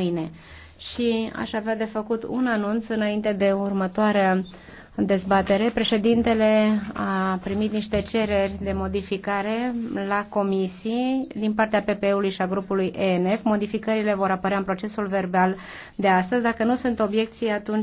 mâine. Și aș avea de făcut un anunț înainte de următoarea dezbatere. Președintele a primit niște cereri de modificare la comisii din partea PP-ului și a grupului ENF. Modificările vor apărea în procesul verbal de astăzi. Dacă nu sunt obiecții, atunci